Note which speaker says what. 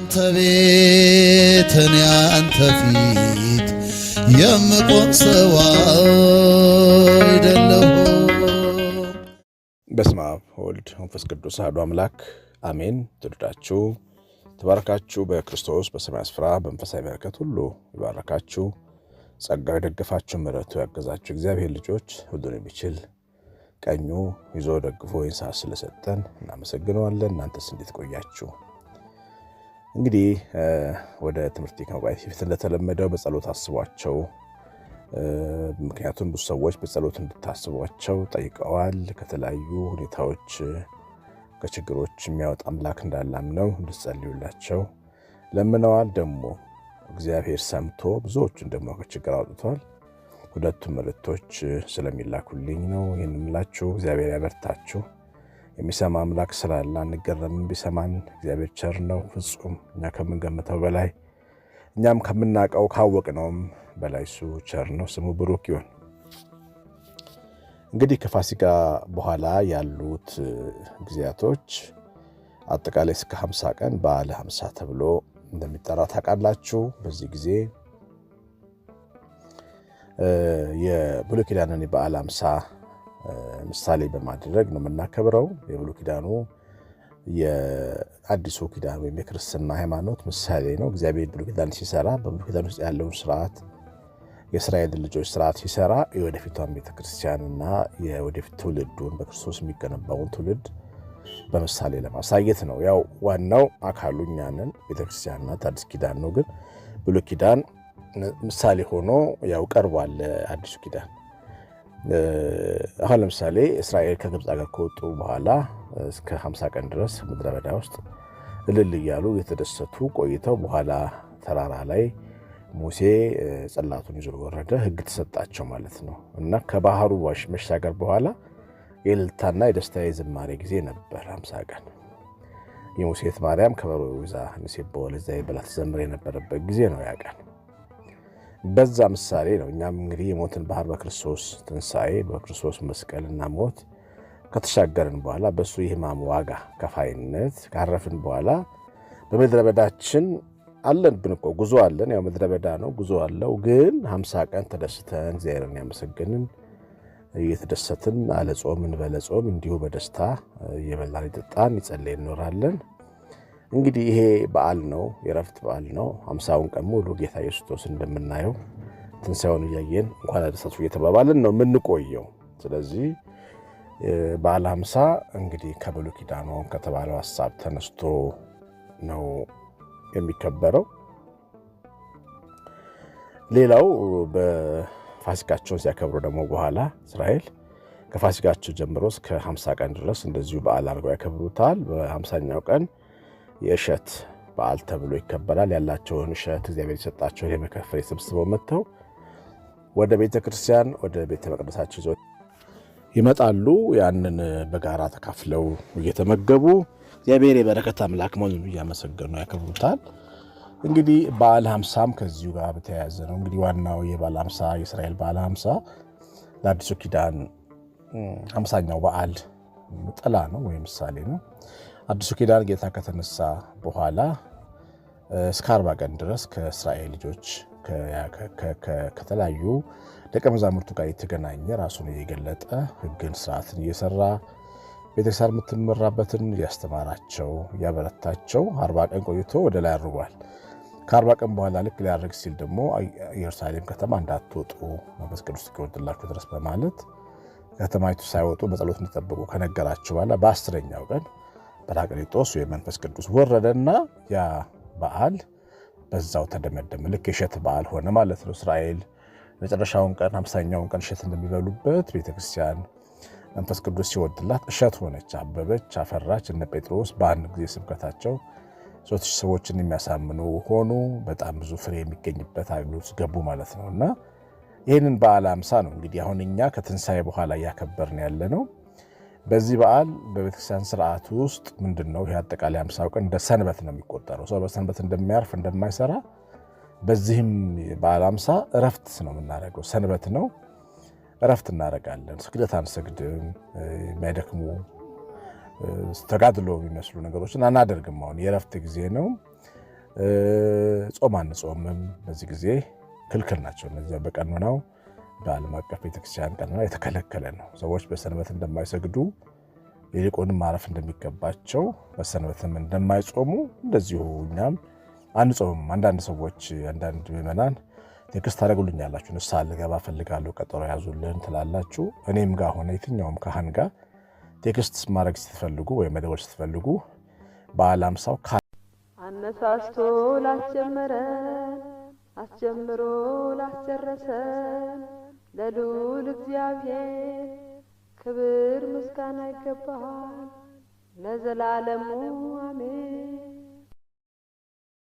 Speaker 1: አንተ ቤት እኔ አንተ ፊት የምቆም ሰው አይደለሁ። በስመ አብ ወልድ መንፈስ ቅዱስ አሐዱ አምላክ አሜን። ትውልዳችሁ ተባረካችሁ። በክርስቶስ በሰማይ ስፍራ በመንፈሳዊ በረከት ሁሉ ይባረካችሁ። ጸጋው የደገፋችሁ ምሕረቱ ያገዛችሁ እግዚአብሔር ልጆች ሁሉን የሚችል ቀኙ ይዞ ደግፎ ይንሳ ስለሰጠን እናመሰግነዋለን። እናንተስ እንዴት ቆያችሁ? እንግዲህ ወደ ትምህርት ከመግባቴ ፊት እንደተለመደው በጸሎት አስቧቸው። ምክንያቱም ብዙ ሰዎች በጸሎት እንድታስቧቸው ጠይቀዋል። ከተለያዩ ሁኔታዎች ከችግሮች የሚያወጣ አምላክ እንዳላምነው እንድጸልዩላቸው ለምነዋል። ደግሞ እግዚአብሔር ሰምቶ ብዙዎቹን ደግሞ ከችግር አውጥቷል። ሁለቱም መልእክቶች ስለሚላኩልኝ ነው ይህን ምላችሁ። እግዚአብሔር ያበርታችሁ። የሚሰማ አምላክ ስላለ አንገረምም። ቢሰማን እግዚአብሔር ቸር ነው ፍጹም፣ እኛ ከምንገምተው በላይ እኛም ከምናውቀው ካወቅነውም በላይ እሱ ቸር ነው። ስሙ ብሩክ ይሁን። እንግዲህ ከፋሲካ በኋላ ያሉት ጊዜያቶች አጠቃላይ እስከ 50 ቀን በዓለ 50 ተብሎ እንደሚጠራ ታውቃላችሁ። በዚህ ጊዜ የብሉይ ኪዳንን የበዓለ 50 ምሳሌ በማድረግ ነው የምናከብረው። የብሉይ ኪዳኑ የአዲሱ ኪዳን ወይም የክርስትና ሃይማኖት ምሳሌ ነው። እግዚአብሔር ብሉይ ኪዳን ሲሰራ በብሉይ ኪዳን ውስጥ ያለውን ስርዓት የእስራኤል ልጆች ስርዓት ሲሰራ የወደፊቷን ቤተክርስቲያንና የወደፊት ትውልዱን በክርስቶስ የሚገነባውን ትውልድ በምሳሌ ለማሳየት ነው። ያው ዋናው አካሉ እኛንን ቤተክርስቲያንና አዲስ ኪዳን ነው። ግን ብሉይ ኪዳን ምሳሌ ሆኖ ያው ቀርቧል አዲሱ ኪዳን አሁን ለምሳሌ እስራኤል ከግብፅ ሀገር ከወጡ በኋላ እስከ 50 ቀን ድረስ ምድረ በዳ ውስጥ እልል እያሉ የተደሰቱ ቆይተው በኋላ ተራራ ላይ ሙሴ ጽላቱን ይዞ ወረደ። ህግ ተሰጣቸው ማለት ነው እና ከባህሩ መሻገር በኋላ የእልልታና የደስታ የዝማሬ ጊዜ ነበር። 50 ቀን የሙሴት ማርያም ከበሮ ይዛ ንሴ በወለዛ ብላ ትዘምር የነበረበት ጊዜ ነው ያ ቀን። በዛ ምሳሌ ነው እኛም እንግዲህ የሞትን ባህር በክርስቶስ ትንሣኤ በክርስቶስ መስቀልና ሞት ከተሻገርን በኋላ በእሱ የሕማም ዋጋ ከፋይነት ካረፍን በኋላ በምድረ በዳችን አለን ብንቆ ጉዞ አለን። ያው ምድረ በዳ ነው፣ ጉዞ አለው። ግን ሀምሳ ቀን ተደስተን እግዚአብሔርን ያመሰገንን እየተደሰትን አለጾምን በለጾም እንዲሁ በደስታ እየበላን የጠጣን ይጸለይ እንኖራለን። እንግዲህ ይሄ በዓል ነው፣ የረፍት በዓል ነው። ሀምሳውን ቀን ሙሉ ጌታ ኢየሱስ ክርስቶስ እንደምናየው ትንሣኤውን እያየን እንኳን አደረሳችሁ እየተባባልን ነው የምንቆየው። ስለዚህ በዓለ ሀምሳ እንግዲህ ከብሉይ ኪዳን ከተባለው ሀሳብ ተነስቶ ነው የሚከበረው። ሌላው በፋሲካቸውን ሲያከብሩ ደግሞ በኋላ እስራኤል ከፋሲካቸው ጀምሮ እስከ ሀምሳ ቀን ድረስ እንደዚሁ በዓል አድርገው ያከብሩታል። ቀን የእሸት በዓል ተብሎ ይከበራል። ያላቸውን እሸት እግዚአብሔር የሰጣቸውን የመከፈል የሰብስበው መጥተው ወደ ቤተ ክርስቲያን ወደ ቤተ መቅደሳቸው ይዞ ይመጣሉ። ያንን በጋራ ተካፍለው እየተመገቡ እግዚአብሔር የበረከት አምላክ መሆኑን እያመሰገኑ ያከብሩታል። እንግዲህ በዓለ ሀምሳም ከዚሁ ጋር በተያያዘ ነው። እንግዲህ ዋናው የበዓለ ሀምሳ የእስራኤል በዓለ ሀምሳ ለአዲሱ ኪዳን ሀምሳኛው በዓል ጥላ ነው ወይም ምሳሌ ነው። አዲሱ ኪዳን ጌታ ከተነሳ በኋላ እስከ አርባ ቀን ድረስ ከእስራኤል ልጆች ከተለያዩ ደቀ መዛሙርቱ ጋር የተገናኘ ራሱን የገለጠ ሕግን ስርዓትን እየሰራ ቤተክርስቲያን የምትመራበትን ያስተማራቸው ያበረታቸው አርባ ቀን ቆይቶ ወደ ላይ አድርጓል። ከአርባ ቀን በኋላ ልክ ሊያደርግ ሲል ደግሞ ኢየሩሳሌም ከተማ እንዳትወጡ መንፈስ ቅዱስ እስኪወርድላችሁ ድረስ በማለት ከተማይቱ ሳይወጡ በጸሎት እንዲጠብቁ ከነገራቸው በኋላ በአስረኛው ቀን ጰራቅሊጦስ የመንፈስ ቅዱስ ወረደና ያ በዓል በዛው ተደመደመ። ልክ የእሸት በዓል ሆነ ማለት ነው። እስራኤል መጨረሻውን ቀን ሃምሳኛውን ቀን እሸት እንደሚበሉበት ቤተክርስቲያን መንፈስ ቅዱስ ሲወድላት እሸት ሆነች፣ አበበች፣ አፈራች። እነ ጴጥሮስ በአንድ ጊዜ ስብከታቸው ሶስት ሺህ ሰዎችን የሚያሳምኑ ሆኑ። በጣም ብዙ ፍሬ የሚገኝበት አገልግሎት ገቡ ማለት ነው እና ይህንን በዓል አምሳ ነው እንግዲህ አሁን እኛ ከትንሣኤ በኋላ እያከበርን ያለ ነው። በዚህ በዓል በቤተክርስቲያን ስርዓት ውስጥ ምንድን ነው ይህ አጠቃላይ አምሳው ቀን እንደ ሰንበት ነው የሚቆጠረው። ሰው በሰንበት እንደሚያርፍ እንደማይሰራ፣ በዚህም በዓል አምሳ እረፍት ነው የምናደርገው። ሰንበት ነው እረፍት እናደርጋለን። ስግደት አንሰግድም። የሚያደክሙ ተጋድሎ የሚመስሉ ነገሮችን አናደርግም። አሁን የእረፍት ጊዜ ነው። ጾም አንጾምም። በዚህ ጊዜ ክልክል ናቸው እነዚያ ነው። በዓለም አቀፍ ቤተክርስቲያን ቀኖና የተከለከለ ነው። ሰዎች በሰንበት እንደማይሰግዱ ይልቁንም ማረፍ እንደሚገባቸው በሰንበትም እንደማይጾሙ እንደዚሁ እኛም አንጾምም። አንዳንድ ሰዎች አንዳንድ ምዕመናን ቴክስት ያላችሁ ንስሓ ልገባ እፈልጋለሁ ቀጠሮ ያዙልን ትላላችሁ። እኔም ጋር ሆነ የትኛውም ካህን ጋር ቴክስት ማድረግ ስትፈልጉ ወይም መደወል ስትፈልጉ በዓለ ሃምሳው አነሳስቶ ላስጀመረን አስጀምሮ ላስጨረሰን ለልዑል እግዚአብሔር ክብር ምስጋና ይገባሃል ለዘላለሙ አሜን።